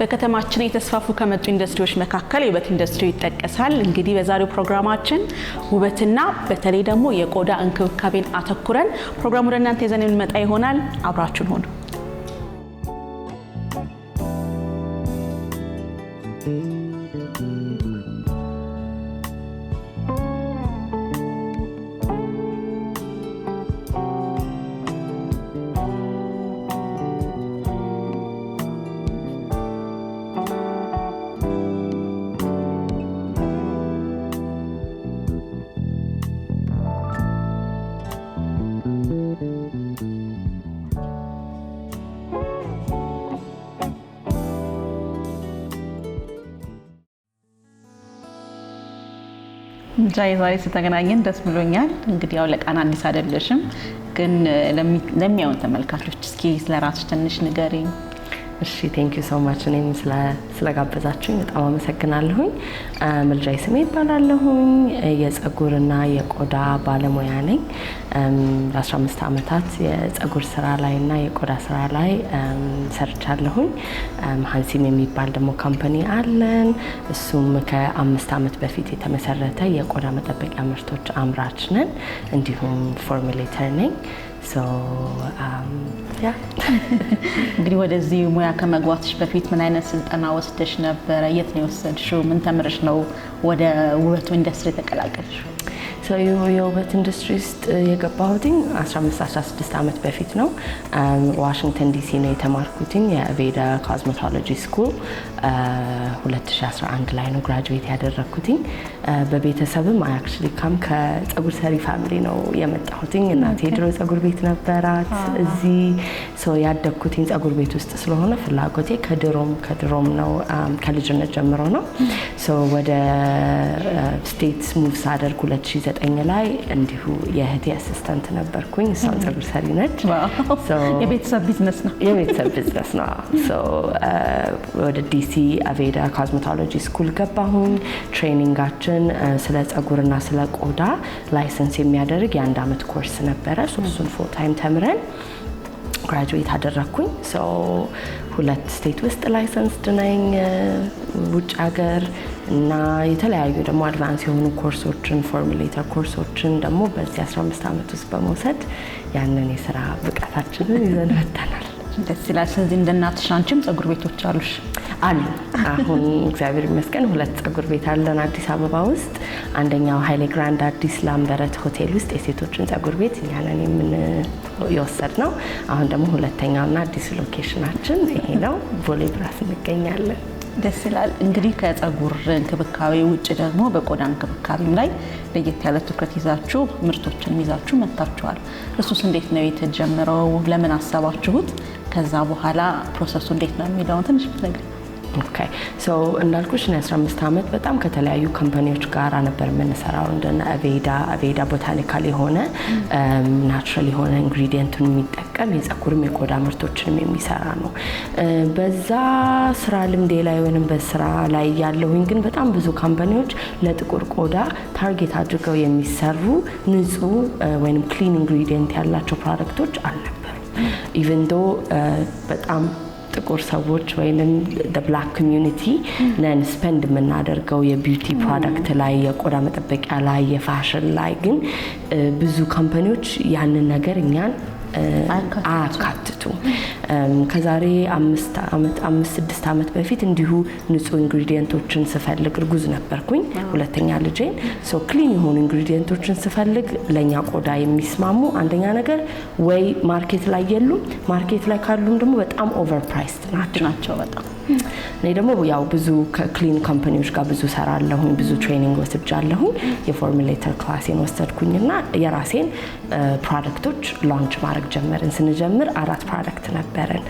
በከተማችን የተስፋፉ ከመጡ ኢንዱስትሪዎች መካከል የውበት ኢንዱስትሪ ይጠቀሳል። እንግዲህ በዛሬው ፕሮግራማችን ውበትና በተለይ ደግሞ የቆዳ እንክብካቤን አተኩረን ፕሮግራሙ ወደ እናንተ ይዘን የምንመጣ ይሆናል። አብራችን ሆኑ። እንጃ ዛሬ ስተገናኘን ደስ ብሎኛል። እንግዲህ ያው ለቃና አዲስ አይደለሽም፣ ግን ለሚያዩን ተመልካቾች እስኪ ስለራስሽ ትንሽ ንገሪኝ። እሺ ዩ ሶ ማች እኔም ስለጋበዛችሁኝ በጣም አመሰግናለሁኝ። ምልጃይ ስሜ ይባላለሁኝ። የጸጉርና የቆዳ ባለሙያ ነኝ። ለ15 ዓመታት የጸጉር ስራ ላይና የቆዳ ስራ ላይ ሰርቻለሁኝ። ሀንሲም የሚባል ደግሞ ካምፓኒ አለን። እሱም ከአምስት ዓመት በፊት የተመሰረተ የቆዳ መጠበቂያ ምርቶች አምራች ነን። እንዲሁም ፎርሚሌተር ነኝ። Um, እንግዲህ ወደዚህ ሙያ ከመግባትሽ በፊት ምን አይነት ስልጠና ወስደሽ ነበረ? የት ነው የወሰድሽው? ምን ተምርሽ ነው ወደ ውበቱ ኢንዱስትሪ የተቀላቀልሽው? የውበት ኢንዱስትሪ ውስጥ የገባሁትኝ 1516 ዓመት በፊት ነው። um, ዋሽንግተን ዲሲ ነው የተማርኩትኝ የቬዳ ኮስሜቶሎጂ ስኩል 2011 ላይ ነው ግራጁዌት ያደረግኩትኝ። በቤተሰብም አክቹዋሊ ካም ከፀጉር ሰሪ ፋሚሊ ነው የመጣሁትኝ። እናቴ ድሮ ፀጉር ቤት ነበራት። እዚህ ሰው ያደግኩትኝ ፀጉር ቤት ውስጥ ስለሆነ ፍላጎቴ ከድሮም ከድሮም ነው ከልጅነት ጀምሮ ነው። ወደ ስቴትስ ሙቭ ሳደርግ 2009 ላይ እንዲሁ የእህቴ አሲስተንት ነበርኩኝ። እሷም ጸጉር ሰሪ ነች። የቤተሰብ ቢዝነስ ነው። የቤተሰብ ቢዝነስ ነው። ወደ ዲሲ ዩኒቨርሲቲ አቬዳ ኮስሜቶሎጂ ስኩል ገባሁኝ። ትሬኒንጋችን ስለ ጸጉርና ስለ ቆዳ ላይሰንስ የሚያደርግ የአንድ አመት ኮርስ ነበረ። እሱን ፉል ታይም ተምረን ግራጁዌት አደረግኩኝ። ሁለት ስቴት ውስጥ ላይሰንስ ነኝ። ውጭ ሀገር እና የተለያዩ ደግሞ አድቫንስ የሆኑ ኮርሶችን ፎርሙሌተር ኮርሶችን ደግሞ በዚህ 15 ዓመት ውስጥ በመውሰድ ያንን የስራ ብቃታችንን ይዘን መጥተናል። ደስ ይላል። ስለዚህ እንደናትሽ አንቺም ጸጉር ቤቶች አሉሽ? አሉ። አሁን እግዚአብሔር ይመስገን ሁለት ጸጉር ቤት አለን አዲስ አበባ ውስጥ። አንደኛው ሀይሌ ግራንድ አዲስ ላምበረት ሆቴል ውስጥ የሴቶችን ጸጉር ቤት እኛ ነን የምን የወሰድ ነው። አሁን ደግሞ ሁለተኛውና አዲስ ሎኬሽናችን ይሄ ነው፣ ቦሌ ብራስ እንገኛለን። ደስ ይላል። እንግዲህ ከጸጉር እንክብካቤ ውጭ ደግሞ በቆዳ እንክብካቤም ላይ ለየት ያለ ትኩረት ይዛችሁ ምርቶችን ይዛችሁ መጥታችኋል። እሱስ እንዴት ነው የተጀመረው? ለምን አሰባችሁት? ከዛ በኋላ ፕሮሰሱ እንዴት ነው የሚለውን ትንሽ ነገር እንዳልኩሽ ለ15 ዓመት በጣም ከተለያዩ ካምፓኒዎች ጋር ነበር የምንሰራው። እንደነ አቬዳ አቬዳ ቦታኒካል የሆነ ናቹራል የሆነ ኢንግሪዲየንቱን የሚጠቀም የጸጉርም የቆዳ ምርቶችንም የሚሰራ ነው። በዛ ስራ ልምዴ ላይ ወይም በስራ ላይ ያለሁኝ ግን በጣም ብዙ ካምፓኒዎች ለጥቁር ቆዳ ታርጌት አድርገው የሚሰሩ ንጹህ ወይም ክሊን ኢንግሪዲየንት ያላቸው ፕሮዳክቶች አልነበሩ ኢቨን ዶ በጣም ጥቁር ሰዎች ወይንም ብላክ ኮሚዩኒቲ ነን ስፔንድ የምናደርገው የቢዩቲ ፕሮዳክት ላይ፣ የቆዳ መጠበቂያ ላይ፣ የፋሽን ላይ ግን ብዙ ካምፓኒዎች ያንን ነገር እኛን አያካትቱ። ከዛሬ አምስት ስድስት ዓመት በፊት እንዲሁ ንጹህ ኢንግሪዲየንቶችን ስፈልግ እርጉዝ ነበርኩኝ፣ ሁለተኛ ልጄን። ክሊን የሆኑ ኢንግሪዲየንቶችን ስፈልግ ለእኛ ቆዳ የሚስማሙ አንደኛ ነገር ወይ ማርኬት ላይ የሉም፣ ማርኬት ላይ ካሉም ደግሞ በጣም ኦቨር ፕራይስድ ናቸው በጣም እኔ ደግሞ ያው ብዙ ከክሊን ካምፓኒዎች ጋር ብዙ ሰራለሁኝ፣ ብዙ ትሬኒንግ ወስጃለሁኝ። የፎርሙሌተር ክላሴን ወሰድኩኝና የራሴን ፕሮዳክቶች ላንች ማድረግ ጀመርን። ስንጀምር አራት ፕሮዳክት ነበረን።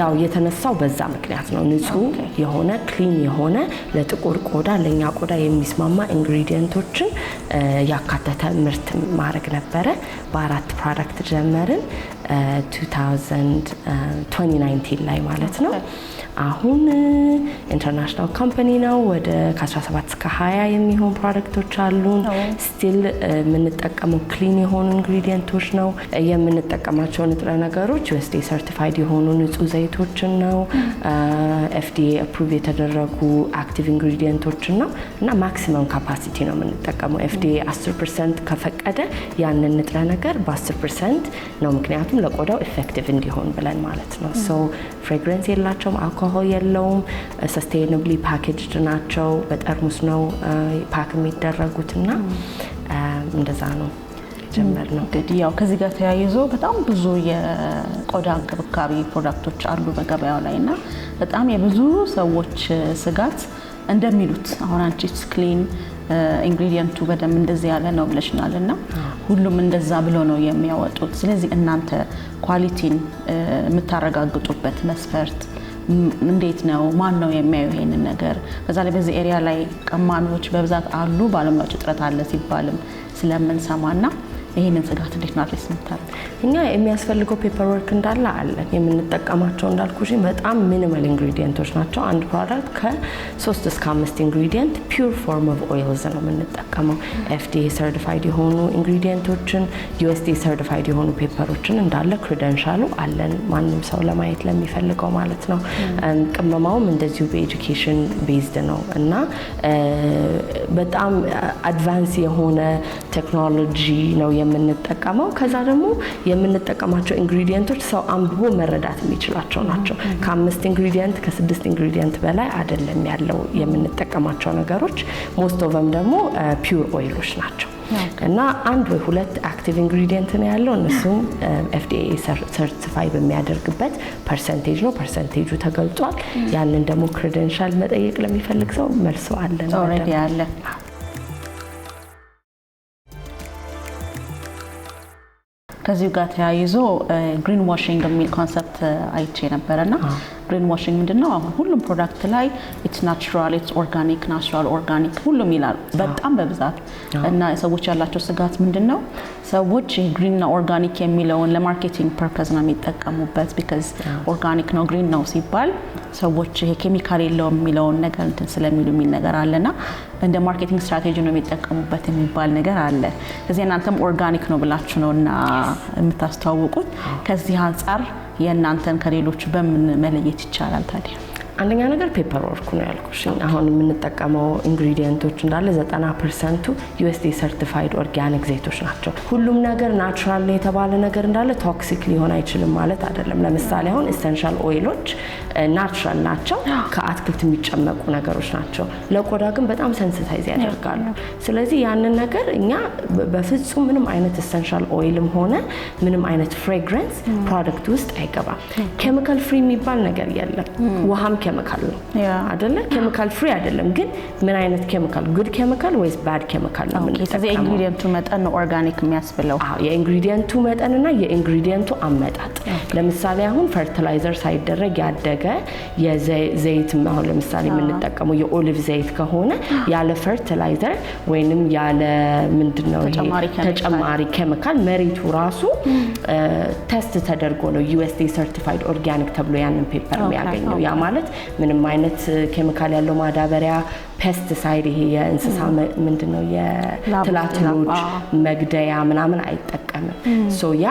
ያው የተነሳው በዛ ምክንያት ነው። ንጹህ የሆነ ክሊን የሆነ ለጥቁር ቆዳ ለእኛ ቆዳ የሚስማማ ኢንግሪዲየንቶችን ያካተተ ምርት ማድረግ ነበረ። በአራት ፕሮዳክት ጀመርን 2019 ላይ ማለት ነው። አሁን ኢንተርናሽናል ካምፓኒ ነው። ወደ ከ17 እስከ 20 የሚሆን ፕሮዳክቶች አሉን። ስቲል የምንጠቀመው ክሊን የሆኑ ኢንግሪዲየንቶች ነው የምንጠቀማቸው ንጥረ ነገሮች ዩኤስዲኤ ሰርቲፋይድ የሆኑ ንጹህ ዘይቶችን ነው ኤፍዲኤ አፕሩቭ የተደረጉ አክቲቭ ኢንግሪዲየንቶችን ነው እና ማክሲመም ካፓሲቲ ነው የምንጠቀመው። ኤፍዲኤ 10 ፐርሰንት ከፈቀደ ያንን ንጥረ ነገር በ10 ፐርሰንት ነው ምክንያቱም ለቆዳው ኢፌክቲቭ እንዲሆን ብለን ማለት ነው። ሶ ፍሬግረንስ የላቸውም፣ አልኮሆል የለውም፣ ሰስቴይናብሊ ፓኬጅድ ናቸው። በጠርሙስ ነው ፓክ የሚደረጉት እና እንደዛ ነው። ጀመር ነው። እንግዲህ ያው ከዚህ ጋር ተያይዞ በጣም ብዙ የቆዳ እንክብካቤ ፕሮዳክቶች አሉ በገበያው ላይ እና በጣም የብዙ ሰዎች ስጋት እንደሚሉት አሁን አንቺ ስክሊን ኢንግሪዲየንቱ በደንብ እንደዚህ ያለ ነው ብለሽናል እና ሁሉም እንደዛ ብሎ ነው የሚያወጡት። ስለዚህ እናንተ ኳሊቲን የምታረጋግጡበት መስፈርት እንዴት ነው? ማን ነው የሚያዩ ይሄንን ነገር? በዛ ላይ በዚህ ኤሪያ ላይ ቀማሚዎች በብዛት አሉ፣ ባለሙያዎች እጥረት አለ ሲባልም ስለምንሰማና ይህንን ስጋት እንዴት ማድረስ ነታል? እኛ የሚያስፈልገው ፔፐር ወርክ እንዳለ አለን። የምንጠቀማቸው እንዳልኩ በጣም ሚኒማል ኢንግሪዲየንቶች ናቸው። አንድ ፕሮዳክት ከሶስት እስከ አምስት ኢንግሪዲየንት ፒውር ፎርም ኦፍ ኦይልዝ ነው የምንጠቀመው። ኤፍዲኤ ሰርቲፋይድ የሆኑ ኢንግሪዲየንቶችን ዩኤስዲ ሰርቲፋይድ የሆኑ ፔፐሮችን እንዳለ ክሪደንሻሉ አለን። ማንም ሰው ለማየት ለሚፈልገው ማለት ነው። ቅመማውም እንደዚሁ በኤጁኬሽን ቤዝድ ነው እና uh, በጣም አድቫንስ uh, የሆነ ቴክኖሎጂ ነው የምንጠቀመው። ከዛ ደግሞ የምንጠቀማቸው ኢንግሪዲየንቶች ሰው አንብቦ መረዳት የሚችላቸው ናቸው። ከአምስት ኢንግሪዲየንት ከስድስት ኢንግሪዲየንት በላይ አይደለም ያለው የምንጠቀማቸው ነገሮች። ሞስት ኦቨም ደግሞ ፒውር ኦይሎች ናቸው እና አንድ ወይ ሁለት አክቲቭ ኢንግሪዲየንት ነው ያለው። እነሱም ኤፍዲኤ ሰርቲፋይ በሚያደርግበት ፐርሰንቴጅ ነው። ፐርሰንቴጁ ተገልጧል። ያንን ደግሞ ክሬደንሻል መጠየቅ ለሚፈልግ ሰው መልሶ አለ ነው አለ። ከዚሁ ጋር ተያይዞ ግሪን ዋሽንግ የሚል ኮንሰፕት አይቼ ነበረና ግሪን ዋሽንግ ምንድን ነው? አሁን ሁሉም ፕሮዳክት ላይ ኢትስ ናቹራል ኢትስ ኦርጋኒክ ናቹራል ኦርጋኒክ ሁሉም ይላል በጣም በብዛት እና ሰዎች ያላቸው ስጋት ምንድን ነው? ሰዎች ግሪንና ኦርጋኒክ የሚለውን ለማርኬቲንግ ፐርፐዝ ነው የሚጠቀሙበት። ቢካዝ ኦርጋኒክ ነው ግሪን ነው ሲባል ሰዎች ይሄ ኬሚካል የለውም የሚለውን ነገር እንትን ስለሚሉ የሚል ነገር አለና እንደ ማርኬቲንግ ስትራቴጂ ነው የሚጠቀሙበት የሚባል ነገር አለ። እዚህ እናንተም ኦርጋኒክ ነው ብላችሁ ነው እና የምታስተዋውቁት ከዚህ አንጻር የእናንተን ከሌሎች በምን መለየት ይቻላል ታዲያ? አንደኛ ነገር ፔፐር ወርኩ ነው ያልኩሽ። አሁን የምንጠቀመው ኢንግሪዲየንቶች እንዳለ 90 ፐርሰንቱ ዩኤስዲ ሰርቲፋይድ ኦርጋኒክ ዘይቶች ናቸው። ሁሉም ነገር ናቹራል የተባለ ነገር እንዳለ ቶክሲክ ሊሆን አይችልም ማለት አይደለም። ለምሳሌ አሁን ኢሰንሻል ኦይሎች ናቹራል ናቸው፣ ከአትክልት የሚጨመቁ ነገሮች ናቸው። ለቆዳ ግን በጣም ሰንስታይዝ ያደርጋሉ። ስለዚህ ያንን ነገር እኛ በፍጹም ምንም አይነት ኤሰንሻል ኦይልም ሆነ ምንም አይነት ፍሬግረንስ ፕሮደክት ውስጥ አይገባም። ኬሚካል ፍሪ የሚባል ነገር የለም ውሃም ኬሚካል ነው አይደለ? ኬሚካል ፍሪ አይደለም፣ ግን ምን አይነት ኬሚካል ጉድ ኬሚካል ወይስ ባድ ኬሚካል ነው የምንጠቀመው? ስለዚህ የኢንግሪዲየንቱ መጠን ነው ኦርጋኒክ የሚያስብለው። አዎ የኢንግሪዲየንቱ መጠንና የኢንግሪዲየንቱ አመጣጥ። ለምሳሌ አሁን ፈርቲላይዘር ሳይደረግ ያደገ የዘይት አሁን ለምሳሌ የምንጠቀመው የኦሊቭ ዘይት ከሆነ ያለ ፈርቲላይዘር ወይንም ያለ ምንድነው ተጨማሪ ኬሚካል መሬቱ ራሱ ቴስት ተደርጎ ነው ዩኤስዲ ሰርቲፋይድ ኦርጋኒክ ተብሎ ያንን ፔፐር የሚያገኘው። ያ ማለት ምንም አይነት ኬሚካል ያለው ማዳበሪያ ፔስቲሳይድ ይሄ የእንስሳ ምንድን ነው የትላትሎች መግደያ ምናምን አይጠቀምም። ሶ ያ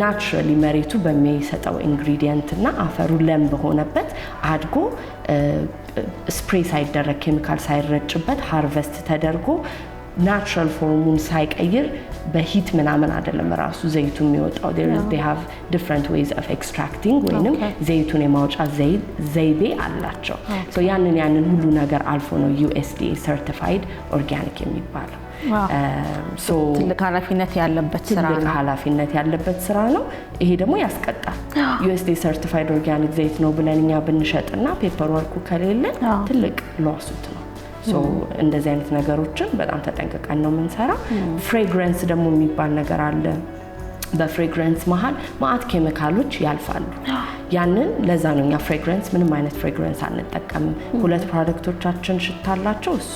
ናቹራሊ መሬቱ በሚሰጠው ኢንግሪዲየንት እና አፈሩ ለም በሆነበት አድጎ ስፕሬ ሳይደረግ ኬሚካል ሳይረጭበት ሃርቨስት ተደርጎ ናቹራል ፎርሙን ሳይቀይር በሂት ምናምን አይደለም ራሱ ዘይቱ የሚወጣው ሃቭ ዲፍረንት ዌይዝ ኦፍ ኤክስትራክቲንግ ወይንም ዘይቱን የማውጫ ዘይቤ አላቸው። ያንን ያንን ሁሉ ነገር አልፎ ነው ዩኤስዲኤ ሰርቲፋይድ ኦርጋኒክ የሚባለው። ትልቅ ኃላፊነት ያለበት ስራ ነው። ኃላፊነት ያለበት ስራ ነው። ይሄ ደግሞ ያስቀጣል። ዩኤስዲ ሰርቲፋይድ ኦርጋኒክ ዘይት ነው ብለን እኛ ብንሸጥና ፔፐር ወርኩ ከሌለ ትልቅ ሎሱት ነው። እንደዚህ አይነት ነገሮችን በጣም ተጠንቅቀን ነው የምንሰራ። ፍሬግረንስ ደግሞ የሚባል ነገር አለ። በፍሬግረንስ መሀል ማአት ኬሚካሎች ያልፋሉ። ያንን ለዛ ነው እኛ ፍሬግረንስ ምንም አይነት ፍሬግረንስ አንጠቀምም። ሁለት ፕሮደክቶቻችን ሽታ አላቸው። እሱ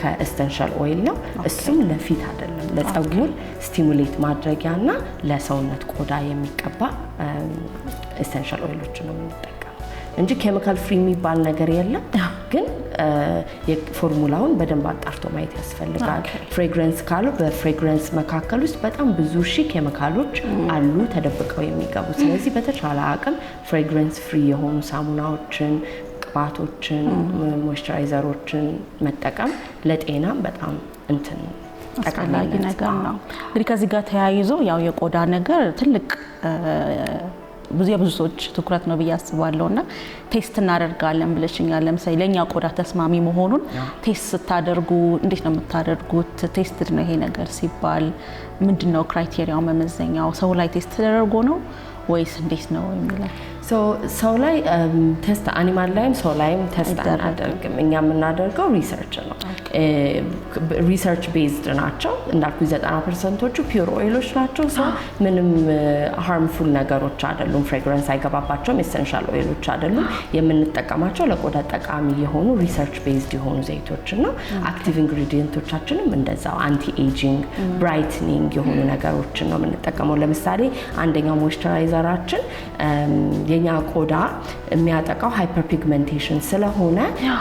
ከኤስተንሻል ኦይል ነው። እሱም ለፊት አይደለም፣ ለፀጉር ስቲሙሌት ማድረጊያ እና ለሰውነት ቆዳ የሚቀባ ኤስተንሻል ኦይሎች ነው የምንጠቀመው እንጂ ኬሚካል ፍሪ የሚባል ነገር የለም። ግን ፎርሙላውን በደንብ አጣርቶ ማየት ያስፈልጋል። ፍሬግረንስ ካሉ በፍሬግረንስ መካከል ውስጥ በጣም ብዙ ሺ ኬሚካሎች አሉ ተደብቀው የሚገቡ። ስለዚህ በተቻለ አቅም ፍሬግረንስ ፍሪ የሆኑ ሳሙናዎችን ቅባቶችን ሞይስቸራይዘሮችን መጠቀም ለጤናም በጣም እንትን አስፈላጊ ነገር ነው። እንግዲህ ከዚህ ጋር ተያይዞ ያው የቆዳ ነገር ትልቅ ብዙ የብዙ ሰዎች ትኩረት ነው ብዬ አስባለሁ እና ቴስት እናደርጋለን ብለሽኛል። ለምሳሌ ለእኛ ቆዳ ተስማሚ መሆኑን ቴስት ስታደርጉ እንዴት ነው የምታደርጉት? ቴስትድ ነው ይሄ ነገር ሲባል ምንድን ነው ክራይቴሪያው፣ መመዘኛው ሰው ላይ ቴስት ተደርጎ ነው ወይስ እንዴት ነው የሚለው ሰው ላይ ቴስት አኒማል ላይም ሰው ላይም ቴስት አናደርግም። እኛ የምናደርገው ሪሰርች ነው። ሪሰርች ቤዝድ ናቸው እንዳልኩ ዘጠና ፐርሰንቶቹ ፒውር ኦይሎች ናቸው። ሰው ምንም ሃርምፉል ነገሮች አይደሉም። ፍሬግረንስ አይገባባቸውም። ኤሰንሻል ኦይሎች አይደሉም። የምንጠቀማቸው ለቆዳ ጠቃሚ የሆኑ ሪሰርች ቤዝድ የሆኑ ዘይቶች እና አክቲቭ ኢንግሪዲየንቶቻችንም እንደዛው አንቲ ኤጂንግ ብራይትኒንግ የሆኑ ነገሮችን ነው የምንጠቀመው። ለምሳሌ አንደኛው ሞይስቸራይዘራችን የኛ ቆዳ የሚያጠቃው ሃይፐር ፒግመንቴሽን ስለሆነ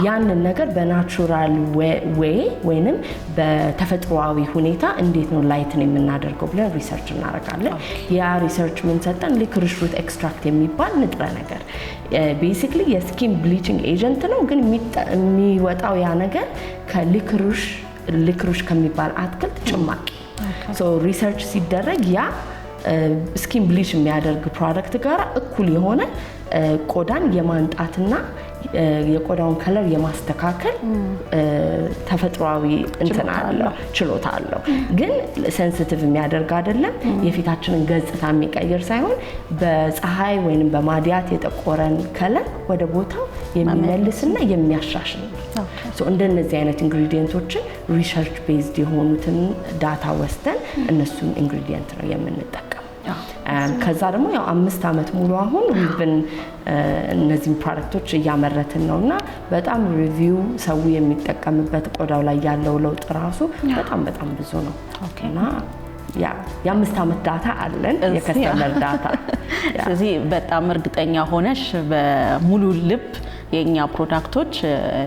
ያንን ነገር በናቹራል ዌይ ወይንም በተፈጥሮዊ ሁኔታ እንዴት ነው ላይትን የምናደርገው ብለን ሪሰርች እናደርጋለን። ያ ሪሰርች ምን ሰጠን? ሊክሪሽ ኤክስትራክት የሚባል ንጥረ ነገር ቤሲክ ቤዚክሊ የስኪን ብሊችንግ ኤጀንት ነው፣ ግን የሚወጣው ያ ነገር ከሊክሩሽ ሊክሩሽ ከሚባል አትክልት ጭማቂ ሪሰርች ሲደረግ ያ ስኪን ብሊች የሚያደርግ ፕሮዳክት ጋር እኩል የሆነ ቆዳን የማንጣትና የቆዳውን ከለር የማስተካከል ተፈጥሯዊ እንትን አለው ችሎታ አለው። ግን ሴንስቲቭ የሚያደርግ አይደለም። የፊታችንን ገጽታ የሚቀይር ሳይሆን በፀሐይ ወይም በማዲያት የጠቆረን ከለር ወደ ቦታው የሚመልስና የሚያሻሽል ነው። እንደነዚህ አይነት ኢንግሪዲየንቶችን ሪሰርች ቤዝድ የሆኑትን ዳታ ወስደን እነሱን ኢንግሪዲየንት ነው የምንጠቀም ከዛ ደግሞ ያው አምስት ዓመት ሙሉ አሁን ብን uh, እነዚህን ፕሮዳክቶች እያመረትን ነው እና በጣም ሪቪው ሰው የሚጠቀምበት ቆዳው ላይ ያለው ለውጥ ራሱ በጣም በጣም ብዙ ነው እና የአምስት ዓመት ዳታ አለን የከስተመር ዳታ። ስለዚህ በጣም እርግጠኛ ሆነሽ በሙሉ ልብ የእኛ ፕሮዳክቶች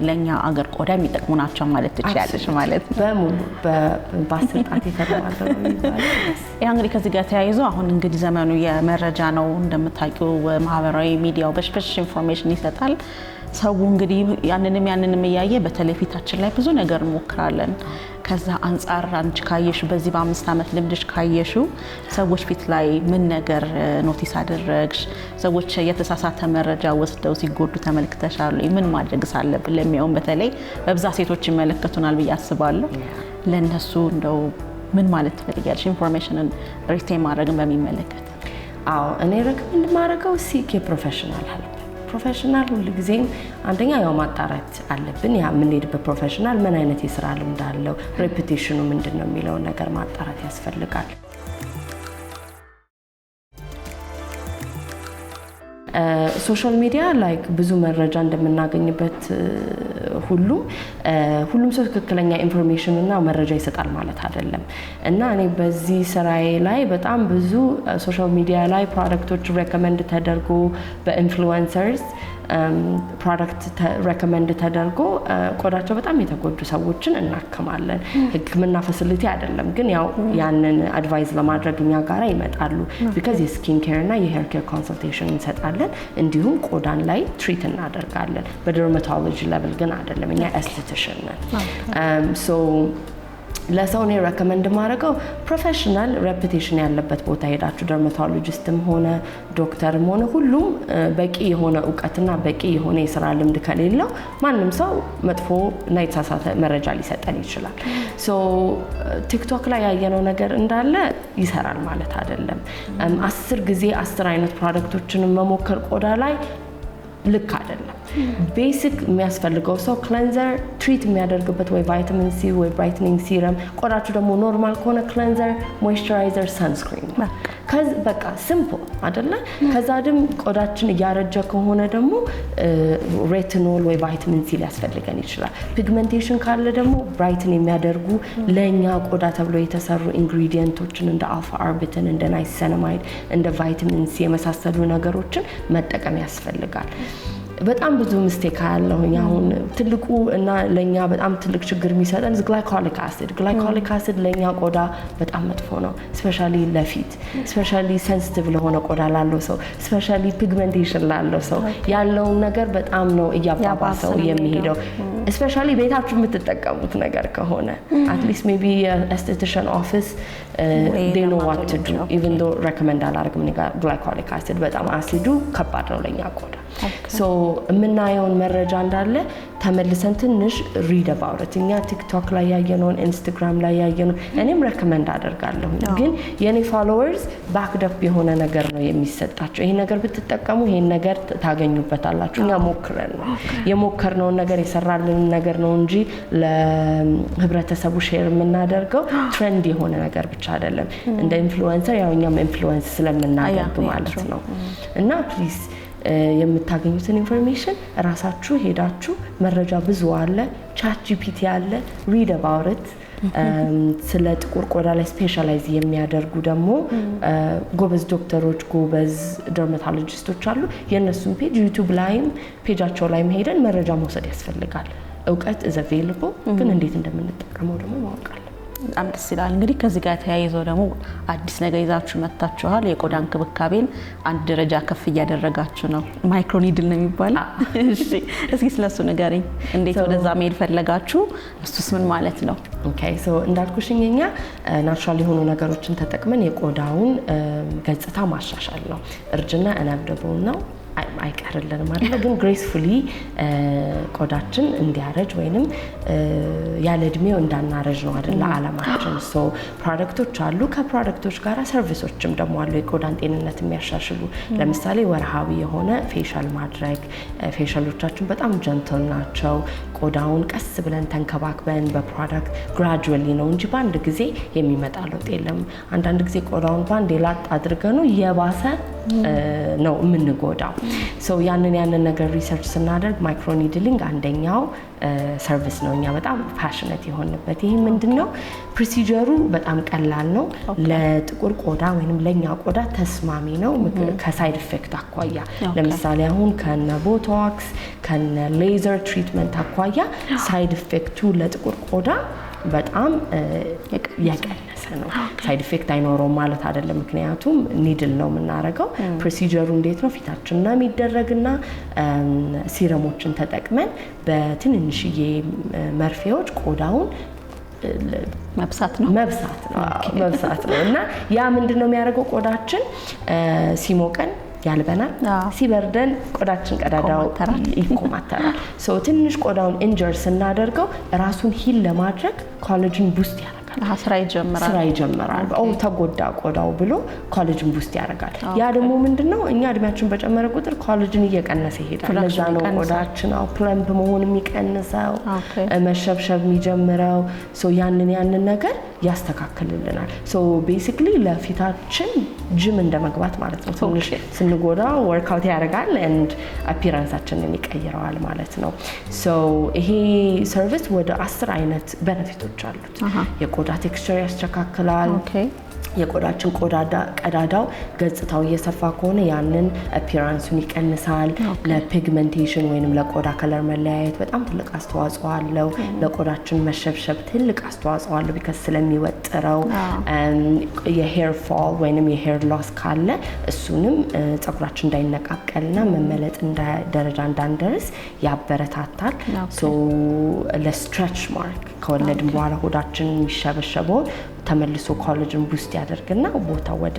ለእኛ አገር ቆዳ የሚጠቅሙ ናቸው ማለት ትችላለች ማለት ነው። በሙሉ በአስር ጣት ያ እንግዲህ ከዚህ ጋር ተያይዞ አሁን እንግዲህ ዘመኑ የመረጃ ነው እንደምታውቂው፣ ማህበራዊ ሚዲያው በሽበሽ ኢንፎርሜሽን ይሰጣል። ሰው እንግዲህ ያንንም ያንንም እያየ በተለይ ፊታችን ላይ ብዙ ነገር እንሞክራለን። ከዛ አንጻር አንቺ ካየሹ በዚህ በአምስት ዓመት ልምድሽ ካየሹ ሰዎች ፊት ላይ ምን ነገር ኖቲስ አደረግሽ? ሰዎች የተሳሳተ መረጃ ወስደው ሲጎዱ ተመልክተሻሉ? ምን ማድረግስ አለብን ለሚያውም በተለይ በብዛት ሴቶች ይመለከቱናል ብዬ አስባለሁ። ለእነሱ እንደው ምን ማለት ትፈልጊያለሽ? ኢንፎርሜሽንን ሪቴን ማድረግን በሚመለከት አዎ፣ እኔ ረክመንድ ማድረገው ሲክ የፕሮፌሽናል ፕሮፌሽናል ሁልጊዜም አንደኛ ያው ማጣራት አለብን። ያ የምንሄድበት ፕሮፌሽናል ምን አይነት የስራ ልምድ አለው፣ ሬፑቴሽኑ ምንድን ነው የሚለውን ነገር ማጣራት ያስፈልጋል። ሶሻል ሚዲያ ላይክ ብዙ መረጃ እንደምናገኝበት ሁሉ ሁሉም ሰው ትክክለኛ ኢንፎርሜሽን እና መረጃ ይሰጣል ማለት አይደለም እና እኔ በዚህ ስራዬ ላይ በጣም ብዙ ሶሻል ሚዲያ ላይ ፕሮዳክቶች ሬኮመንድ ተደርጎ በኢንፍሉዌንሰርስ ፕሮዳክት um, ረከመንድ ተደርጎ uh, ቆዳቸው በጣም የተጎዱ ሰዎችን እናክማለን። ህክምና ፋሲሊቲ አይደለም ግን ያው ያንን አድቫይዝ ለማድረግ እኛ ጋራ ይመጣሉ። ቢካዝ የስኪን ኬር እና የሄር ኬር ኮንሰልቴሽን እንሰጣለን። እንዲሁም ቆዳን ላይ ትሪት እናደርጋለን። በደርማቶሎጂ ሌቭል ግን አይደለም፣ እኛ ኤስቴቲሽን ነን። ለሰው እኔ ረከመንድ ማድረገው ፕሮፌሽናል ሬፑቴሽን ያለበት ቦታ ሄዳችሁ ደርማቶሎጂስትም ሆነ ዶክተርም ሆነ ሁሉም በቂ የሆነ እውቀትና በቂ የሆነ የስራ ልምድ ከሌለው ማንም ሰው መጥፎና የተሳሳተ መረጃ ሊሰጠን ይችላል። ሶ ቲክቶክ ላይ ያየነው ነገር እንዳለ ይሰራል ማለት አይደለም። አስር ጊዜ አስር አይነት ፕሮዳክቶችን መሞከር ቆዳ ላይ ልክ አይደለም። ቤሲክ የሚያስፈልገው ሰው ክለንዘር ትሪት የሚያደርግበት ወይ ቫይታሚን ሲ ወይ ብራይትኒንግ ሲረም፣ ቆዳችሁ ደግሞ ኖርማል ከሆነ ክለንዘር፣ ሞይስቸራይዘር፣ ሰንስክሪን በቃ ስምፖ አደለ። ከዛ ድም ቆዳችን እያረጀ ከሆነ ደግሞ ሬትኖል ወይ ቫይታሚን ሲ ሊያስፈልገን ይችላል። ፒግመንቴሽን ካለ ደግሞ ብራይትን የሚያደርጉ ለእኛ ቆዳ ተብሎ የተሰሩ ኢንግሪዲየንቶችን እንደ አልፋ አርቢትን፣ እንደ ናይሰነማይድ፣ እንደ ቫይታሚን ሲ የመሳሰሉ ነገሮችን መጠቀም ያስፈልጋል። በጣም ብዙ ምስቴክ ያለሁኝ አሁን ትልቁ እና ለእኛ በጣም ትልቅ ችግር የሚሰጠን ግላይኮሊክ አሲድ። ግላይኮሊክ አሲድ ለእኛ ቆዳ በጣም መጥፎ ነው፣ ስፔሻሊ ለፊት፣ ስፔሻሊ ሴንስቲቭ ለሆነ ቆዳ ላለው ሰው፣ ስፔሻሊ ፒግመንቴሽን ላለው ሰው ያለውን ነገር በጣም ነው እያባባሰው የሚሄደው። ስፔሻሊ mm. ቤታችሁ የምትጠቀሙት ነገር ከሆነ አትሊስት ሜይ ቢ የኤስቴቲሽን ኦፊስ ዴኖ ዋት ዱ ኢቨን ዶ ሬኮመንድ አላደርግም። ግላይኮሊክ አሲድ በጣም አሲዱ ከባድ ነው ለእኛ ቆዳ የምናየውን መረጃ እንዳለ ተመልሰን ትንሽ ሪድ አባውት እኛ ቲክቶክ ላይ ያየነውን ኢንስታግራም ላይ ያየነውን እኔም ረከመንድ አደርጋለሁ። ግን የኔ ፎሎወርስ ባክደፕ የሆነ ነገር ነው የሚሰጣቸው። ይሄ ነገር ብትጠቀሙ ይሄን ነገር ታገኙበታላችሁ። እኛ ሞክረን ነው የሞከርነውን ነገር የሰራልንን ነገር ነው እንጂ ለህብረተሰቡ ሼር የምናደርገው ትሬንድ የሆነ ነገር ብቻ አይደለም። እንደ ኢንፍሉዌንሰር ያው እኛም ኢንፍሉዌንስ ስለምናደርግ ማለት ነው እና ፕሊዝ የምታገኙትን ኢንፎርሜሽን ራሳችሁ ሄዳችሁ መረጃ ብዙ አለ፣ ቻት ጂፒቲ አለ፣ ሪድ አባውት ስለ ጥቁር ቆዳ ላይ ስፔሻላይዝ የሚያደርጉ ደግሞ ጎበዝ ዶክተሮች፣ ጎበዝ ደርማቶሎጂስቶች አሉ። የእነሱን ፔጅ ዩቱብ ላይም ፔጃቸው ላይ ሄደን መረጃ መውሰድ ያስፈልጋል። እውቀት ኢዝ አቬይለብል፣ ግን እንዴት እንደምንጠቀመው ደግሞ ማወቃል። በጣም ደስ ይላል። እንግዲህ ከዚህ ጋር ተያይዘው ደግሞ አዲስ ነገር ይዛችሁ መጥታችኋል። የቆዳ እንክብካቤን አንድ ደረጃ ከፍ እያደረጋችሁ ነው። ማይክሮኒድል ነው የሚባለው። እስኪ ስለሱ ንገሪኝ። እንዴት ወደዛ መሄድ ፈለጋችሁ? እሱስ ምን ማለት ነው? እንዳልኩሽ እኛ ናቹራል የሆኑ ነገሮችን ተጠቅመን የቆዳውን ገጽታ ማሻሻል ነው። እርጅና እነብደቦ ነው አይቀርልንም አለ ግን ግሬስፉሊ ቆዳችን እንዲያረጅ ወይንም ያለ እድሜው እንዳናረጅ ነው አደለ አላማችን። ሶ ፕሮዳክቶች አሉ። ከፕሮዳክቶች ጋር ሰርቪሶችም ደግሞ አሉ የቆዳን ጤንነት የሚያሻሽሉ ለምሳሌ ወርሃዊ የሆነ ፌሻል ማድረግ። ፌሻሎቻችን በጣም ጀንትል ናቸው። ቆዳውን ቀስ ብለን ተንከባክበን በፕሮዳክት ግራጁዋሊ ነው እንጂ በአንድ ጊዜ የሚመጣ ለውጥ የለም። አንዳንድ ጊዜ ቆዳውን በአንድ የላጥ አድርገኑ የባሰ ነው የምንጎዳው። ሰው ያንን ያንን ነገር ሪሰርች ስናደርግ ማይክሮኒድሊንግ አንደኛው ሰርቪስ ነው እኛ በጣም ፓሽነት የሆንበት። ይህ ምንድን ነው? ፕሮሲጀሩ በጣም ቀላል ነው። ለጥቁር ቆዳ ወይም ለእኛ ቆዳ ተስማሚ ነው ከሳይድ ኢፌክት አኳያ። ለምሳሌ አሁን ከነ ቦቶክስ ከነ ሌዘር ትሪትመንት አኳያ ሳይድ ኢፌክቱ ለጥቁር ቆዳ በጣም የቀነሰ ነው። ሳይድ ኢፌክት አይኖረውም ማለት አይደለም። ምክንያቱም ኒድል ነው የምናደርገው። ፕሮሲጀሩ እንዴት ነው? የሚደረግ የሚደረግና ሲረሞችን ተጠቅመን በትንንሽዬ መርፌዎች ቆዳውን መብሳት ነው መብሳት ነው እና ያ ምንድን ነው የሚያደርገው ቆዳችን ሲሞቀን ያልበናል። ሲበርደን ቆዳችን ቀዳዳው ይኮማተራል። ትንሽ ቆዳውን ኢንጀር ስናደርገው ራሱን ሂል ለማድረግ ኮላጅን ቡስት ያደርጋል። ስራ ይጀምራል ስራ ይጀምራል። ተጎዳ ቆዳው ብሎ ኮላጅን ቡስት ያደርጋል። ያ ደግሞ ምንድነው እኛ እድሜያችን በጨመረ ቁጥር ኮላጅን እየቀነሰ ይሄዳል። ለዛ ነው ቆዳችን አው ፕለምፕ መሆን የሚቀንሰው መሸብሸብ የሚጀምረው። ያንን ያንን ነገር ያስተካክልልናል። ቤሲክሊ ለፊታችን ጅም እንደመግባት ማለት ነው። ትንሽ ስንጎዳ ወርክአውት ያደርጋል ኤንድ አፒራንሳችንን ይቀይረዋል ማለት ነው። ይሄ ሰርቪስ ወደ አስር አይነት በነፊቶች አሉት። የቆዳ ቴክስቸር ያስተካክላል። የቆዳችን ቀዳዳው ገጽታው እየሰፋ ከሆነ ያንን አፒራንሱን ይቀንሳል። ለፒግመንቴሽን ወይም ለቆዳ ከለር መለያየት በጣም ትልቅ አስተዋጽኦ አለው። ለቆዳችን መሸብሸብ ትልቅ አስተዋጽኦ አለው ቢከስ ስለሚወጥረው የሄር ፎል ወይም የሄር ሎስ ካለ እሱንም ጸጉራችን እንዳይነቃቀልና መመለጥ ደረጃ እንዳንደርስ ያበረታታል። ለስትረች ማርክ ከወለድን በኋላ ሆዳችን የሚሸበሸበውን ተመልሶ ኮላጅን ቡስት ያደርግና ቦታ ወደ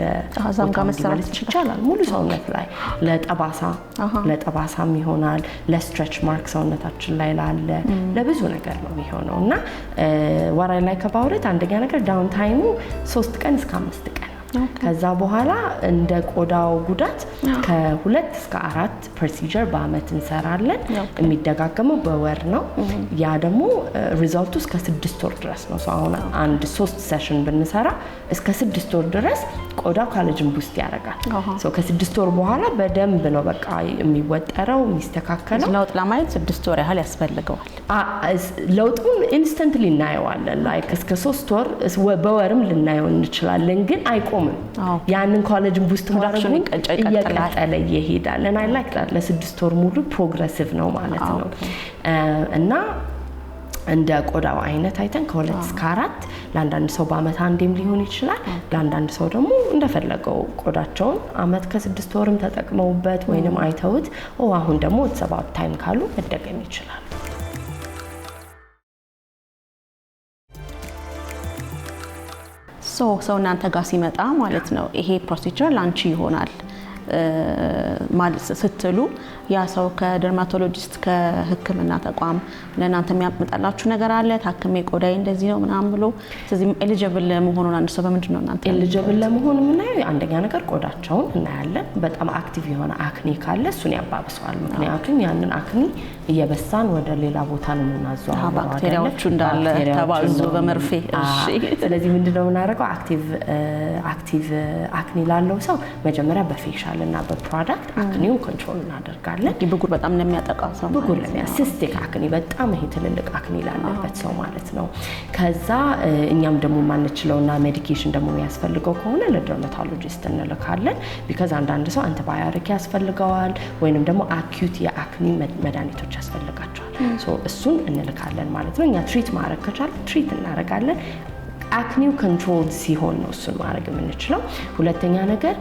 ዛም ጋር መሰራት ይቻላል። ሙሉ ሰውነት ላይ ለጠባሳ ለጠባሳም ይሆናል፣ ለስትሬች ማርክ ሰውነታችን ላይ ላለ ለብዙ ነገር ነው የሚሆነው እና ወራይ ላይ ከባውሬት አንደኛ ነገር ዳውን ታይሙ ሶስት ቀን እስከ አምስት ቀን ከዛ በኋላ እንደ ቆዳው ጉዳት ከሁለት እስከ አራት ፕሮሲጀር በአመት እንሰራለን። የሚደጋገመው በወር ነው። ያ ደግሞ ሪዛልቱ እስከ ስድስት ወር ድረስ ነው። አሁን አንድ ሶስት ሴሽን ብንሰራ እስከ ስድስት ወር ድረስ ቆዳው ካለጅን ቡስት ያደርጋል። ከስድስት ወር በኋላ በደንብ ነው በቃ የሚወጠረው የሚስተካከለው። ለውጥ ለማየት ስድስት ወር ያህል ያስፈልገዋል። ለውጡም ኢንስተንትሊ እናየዋለን። ላይክ እስከ ሶስት ወር በወርም ልናየው እንችላለን፣ ግን አይቆ አልቆምም። ያንን ኮሌጅን ቡስት ማድረጉን እየቀጠለ ይሄዳል። አይ ላይክ ዳት ለስድስት ወር ሙሉ ፕሮግረሲቭ ነው ማለት ነው እና እንደ ቆዳው አይነት አይተን ከሁለት እስከ አራት ለአንዳንድ ሰው በአመት አንዴም ሊሆን ይችላል። ለአንዳንድ ሰው ደግሞ እንደፈለገው ቆዳቸውን አመት ከስድስት ወርም ተጠቅመውበት ወይንም አይተውት አሁን ደግሞ ሰባት ታይም ካሉ መደገም ይችላል። ሰው እናንተ ጋር ሲመጣ ማለት ነው ይሄ ፕሮሲጀር ላንቺ ይሆናል ስትሉ ያ ሰው ከደርማቶሎጂስት ከህክምና ተቋም ለእናንተ የሚያመጣላችሁ ነገር አለ። ታክሜ ቆዳዬ እንደዚህ ነው ምናምን ብሎ ስለዚህ ኤሊጀብል ለመሆኑን አንድ ሰው በምንድን ነው እናንተ ኤሊጀብል ለመሆኑ የምናየው? አንደኛ ነገር ቆዳቸውን እናያለን። በጣም አክቲቭ የሆነ አክኒ ካለ እሱን ያባብሰዋል። ምክንያቱም ያንን አክኒ እየበሳን ወደ ሌላ ቦታ ነው የምናዘዋውረው። ባክቴሪያዎቹ እንዳለ ተባዞ በመርፌ። ስለዚህ ምንድነው የምናደርገው? አክቲቭ አክኒ ላለው ሰው መጀመሪያ በፌሻል እና በፕሮዳክት አክኒውን ኮንትሮል እናደርጋለን። አለ። ብጉር በጣም እንደሚያጠቃው ሰው ብጉር ሲስቲክ አክኒ በጣም ይሄ ትልልቅ አክኒ ላለበት ሰው ማለት ነው። ከዛ እኛም ደግሞ ማንችለውና ሜዲኬሽን ደግሞ የሚያስፈልገው ከሆነ ለደርማቶሎጂስት እንልካለን። ቢካዝ አንዳንድ ሰው አንቲባዮቲክ ያስፈልገዋል ወይንም ደግሞ አኪዩት የአክኒ መድኃኒቶች ያስፈልጋቸዋል። እሱን እንልካለን ማለት ነው። እኛ ትሪት ማድረግ ከቻል ትሪት እናደርጋለን። አክኒው ኮንትሮል ሲሆን ነው እሱን ማድረግ የምንችለው። ሁለተኛ ነገር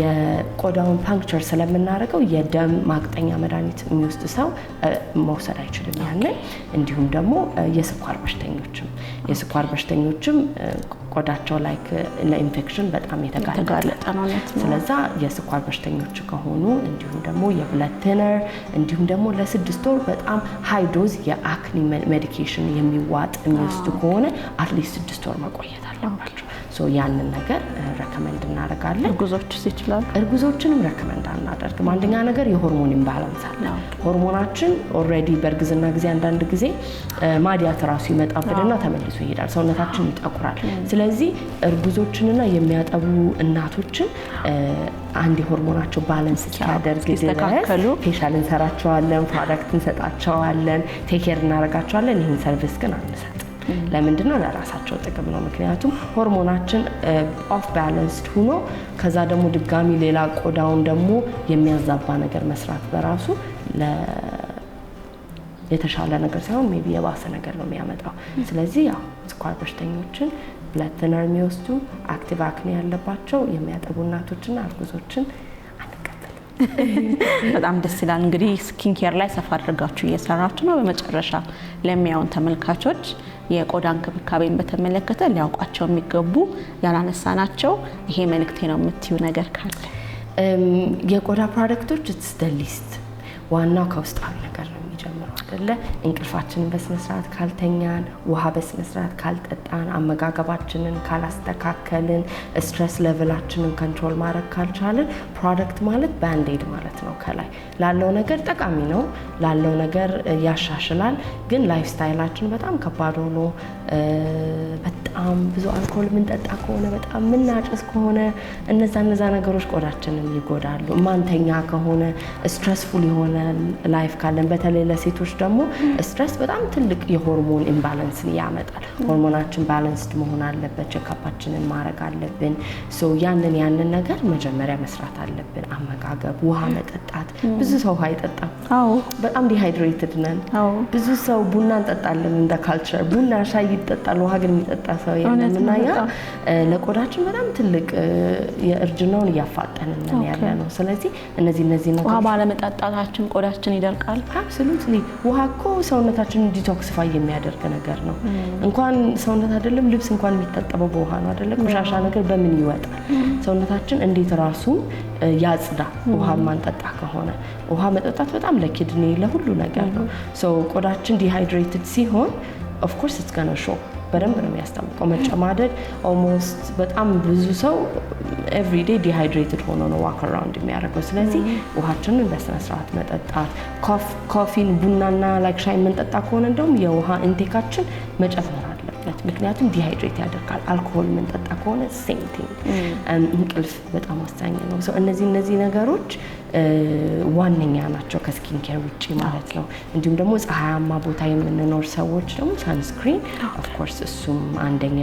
የቆዳውን ፓንክቸር ስለምናደርገው የደም ማቅጠኛ መድኃኒት የሚወስድ ሰው መውሰድ አይችልም ያንን። እንዲሁም ደግሞ የስኳር በሽተኞችም የስኳር በሽተኞችም ቆዳቸው ላይ ለኢንፌክሽን በጣም የተጋለጠ ነው። ስለዛ የስኳር በሽተኞች ከሆኑ እንዲሁም ደግሞ የብለድ ቴነር እንዲሁም ደግሞ ለስድስት ወር በጣም ሃይ ዶዝ የአክኒ ሜዲኬሽን የሚዋጥ የሚወስዱ ከሆነ አትሊስት ስድስት ወር መቆየት አለባቸው። ያንን ነገር ረከመንድ uh, እናደርጋለን። እርጉዞች ይችላሉ። እርጉዞችንም ረከመንድ አናደርግም። አንደኛ ነገር የሆርሞን ኢምባላንስ አለ። ሆርሞናችን ኦልሬዲ በእርግዝና ጊዜ አንዳንድ ጊዜ uh, ማዲያት ራሱ ይመጣብንና ተመልሶ ይሄዳል። ሰውነታችን ይጠቁራል። ስለዚህ እርጉዞችንና የሚያጠቡ እናቶችን uh, አንድ የሆርሞናቸው ባለንስ ሲያደርግ ይስተካከሉ ፌሻል እንሰራቸዋለን፣ ፕሮዳክት እንሰጣቸዋለን፣ ቴኬር እናደርጋቸዋለን። ይህን ሰርቪስ ግን አንሰጥ ለምንድን ነው? ለራሳቸው ጥቅም ነው። ምክንያቱም ሆርሞናችን ኦፍ ባላንስድ ሁኖ ከዛ ደግሞ ድጋሚ ሌላ ቆዳውን ደግሞ የሚያዛባ ነገር መስራት በራሱ የተሻለ ነገር ሳይሆን ሜቢ የባሰ ነገር ነው የሚያመጣው። ስለዚህ ያው ስኳር በሽተኞችን ብለድ ትነር የሚወስዱ አክቲቭ አክኔ ያለባቸው የሚያጠቡ እናቶችና እርጉዞችን በጣም ደስ ይላል። እንግዲህ ስኪን ኬር ላይ ሰፋ አድርጋችሁ እየሰራችሁ ነው። በመጨረሻ ለሚያዩን ተመልካቾች የቆዳ እንክብካቤን በተመለከተ ሊያውቋቸው የሚገቡ ናቸው። ይሄ መልእክቴ ነው የምትዩ ነገር ካለ የቆዳ ፕሮዳክቶች ስ ሊስት ዋናው ከውስጥ አለ አይደለ? እንቅልፋችንን በስነስርዓት ካልተኛን፣ ውሃ በስነስርዓት ካልጠጣን፣ አመጋገባችንን ካላስተካከልን፣ ስትረስ ሌቭላችንን ኮንትሮል ማድረግ ካልቻልን ፕሮደክት ማለት ባንዴድ ማለት ነው። ከላይ ላለው ነገር ጠቃሚ ነው፣ ላለው ነገር ያሻሽላል። ግን ላይፍ ስታይላችን በጣም ከባድ ሆኖ በጣም ብዙ አልኮል የምንጠጣ ከሆነ በጣም የምናጨስ ከሆነ እነዛ እነዛ ነገሮች ቆዳችንን ይጎዳሉ። ማንተኛ ከሆነ ስትረስፉል የሆነ ላይፍ ካለን በተለይ ለሴቶች ደግሞ ስትረስ በጣም ትልቅ የሆርሞን ኢምባላንስን ያመጣል። ሆርሞናችን ባላንስድ መሆን አለበት። ቼካፓችንን ማድረግ አለብን። ሶ ያንን ያንን ነገር መጀመሪያ መስራት አለብን። አመጋገብ፣ ውሃ መጠጣት። ብዙ ሰው ውሃ አይጠጣም። በጣም ዲሃይድሬትድ ነን። አዎ፣ ብዙ ሰው ቡና እንጠጣለን እንደ ካልቸር ቡና ሻይ ይጠጣል። ውሃ ግን የሚጠጣ ሰው የለምና ያ ለቆዳችን በጣም ትልቅ የእርጅናውን እያፋጠንን ያለ ነው። ስለዚህ እነዚህ እነዚህ ነገሮች ውሃ ባለመጠጣታችን ቆዳችን ይደርቃል። አብሶሉትሊ ውሃ እኮ ሰውነታችን ዲቶክስፋይ የሚያደርግ ነገር ነው። እንኳን ሰውነት አይደለም ልብስ እንኳን የሚታጠበው በውሃ ነው አይደለም። ቆሻሻ ነገር በምን ይወጣ? ሰውነታችን እንዴት ራሱ ያጽዳ? ውሃ ማንጠጣ ከሆነ ውሃ መጠጣት በጣም ለኪድኒ ለሁሉ ነገር ነው። ሰው ቆዳችን ዲሃይድሬትድ ሲሆን ኦፍኮርስ ሾ በደንብ ነው የሚያስታውቀው። መጨማደድ ኦልሞስት በጣም ብዙ ሰው ኤቭሪዴ ዲሃይድሬትድ ሆኖ ነው ዋክ አራውንድ የሚያደርገው። ስለዚህ ውሃችንን በስነስርዓት መጠጣት፣ ኮፊን፣ ቡናና ላይክ ሻይ የምንጠጣ ከሆነ እንደውም የውሃ ኢንቴካችን መጨመር አለበት። ምክንያቱም ዲሃይድሬት ያደርጋል። አልኮሆል የምንጠጣ ከሆነ ሴም ቲንግ። um, እንቅልፍ በጣም ወሳኝ ነው። እነዚህ እነዚህ ነገሮች ዋነኛ ናቸው ከስኪን ኬር ውጭ ማለት ነው። እንዲሁም ደግሞ ፀሐያማ ቦታ የምንኖር ሰዎች ደግሞ ሳንስክሪን ኦፍኮርስ እሱም አንደኛ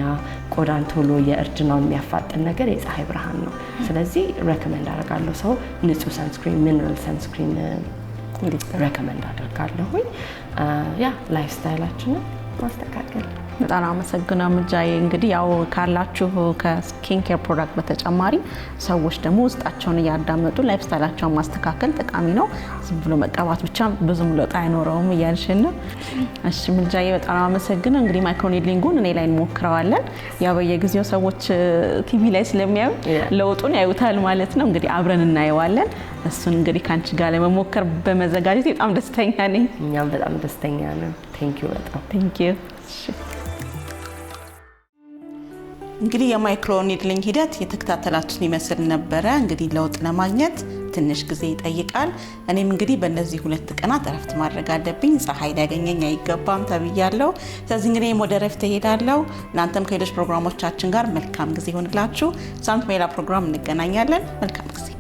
ቆዳን ቶሎ የእርጅናውን የሚያፋጥን ነገር የፀሐይ ብርሃን ነው። ስለዚህ ሬኮመንድ አደርጋለሁ ሰው ንጹህ ሳንስክሪን ሚነራል ሳንስክሪን ሬኮመንድ አደርጋለሁኝ። ያ ላይፍ ስታይላችንን ማስተካከል በጣም አመሰግነው ምጃዬ። እንግዲህ ያው ካላችሁ ከስኪን ኬር ፕሮዳክት በተጨማሪ ሰዎች ደግሞ ውስጣቸውን እያዳመጡ ላይፍ ስታይላቸውን ማስተካከል ጠቃሚ ነው። ዝም ብሎ መቀባት ብቻ ብዙም ለውጥ አይኖረውም እያልሽን ነው። እሺ ምጃዬ፣ በጣም አመሰግነው። እንግዲህ ማይክሮኔድሊንጉን እኔ ላይ እንሞክረዋለን። ያው በየጊዜው ሰዎች ቲቪ ላይ ስለሚያዩ ለውጡን ያዩታል ማለት ነው። እንግዲህ አብረን እናየዋለን። እሱን እንግዲህ ከአንቺ ጋር ለመሞከር በመዘጋጀት በጣም ደስተኛ ነኝ። እኛም በጣም ደስተኛ ነን። ቴንኪው በጣም ቴንኪው። እንግዲህ የማይክሮኒድሊንግ ሂደት የተከታተላችሁን ይመስል ነበረ። እንግዲህ ለውጥ ለማግኘት ትንሽ ጊዜ ይጠይቃል። እኔም እንግዲህ በእነዚህ ሁለት ቀናት እረፍት ማድረግ አለብኝ። ፀሐይ ሊያገኘኝ አይገባም ተብያለሁ። ስለዚህ እንግዲህ ወደ እረፍት እሄዳለሁ። እናንተም ከሌሎች ፕሮግራሞቻችን ጋር መልካም ጊዜ ይሆንላችሁ። ሳምንት በሌላ ፕሮግራም እንገናኛለን። መልካም ጊዜ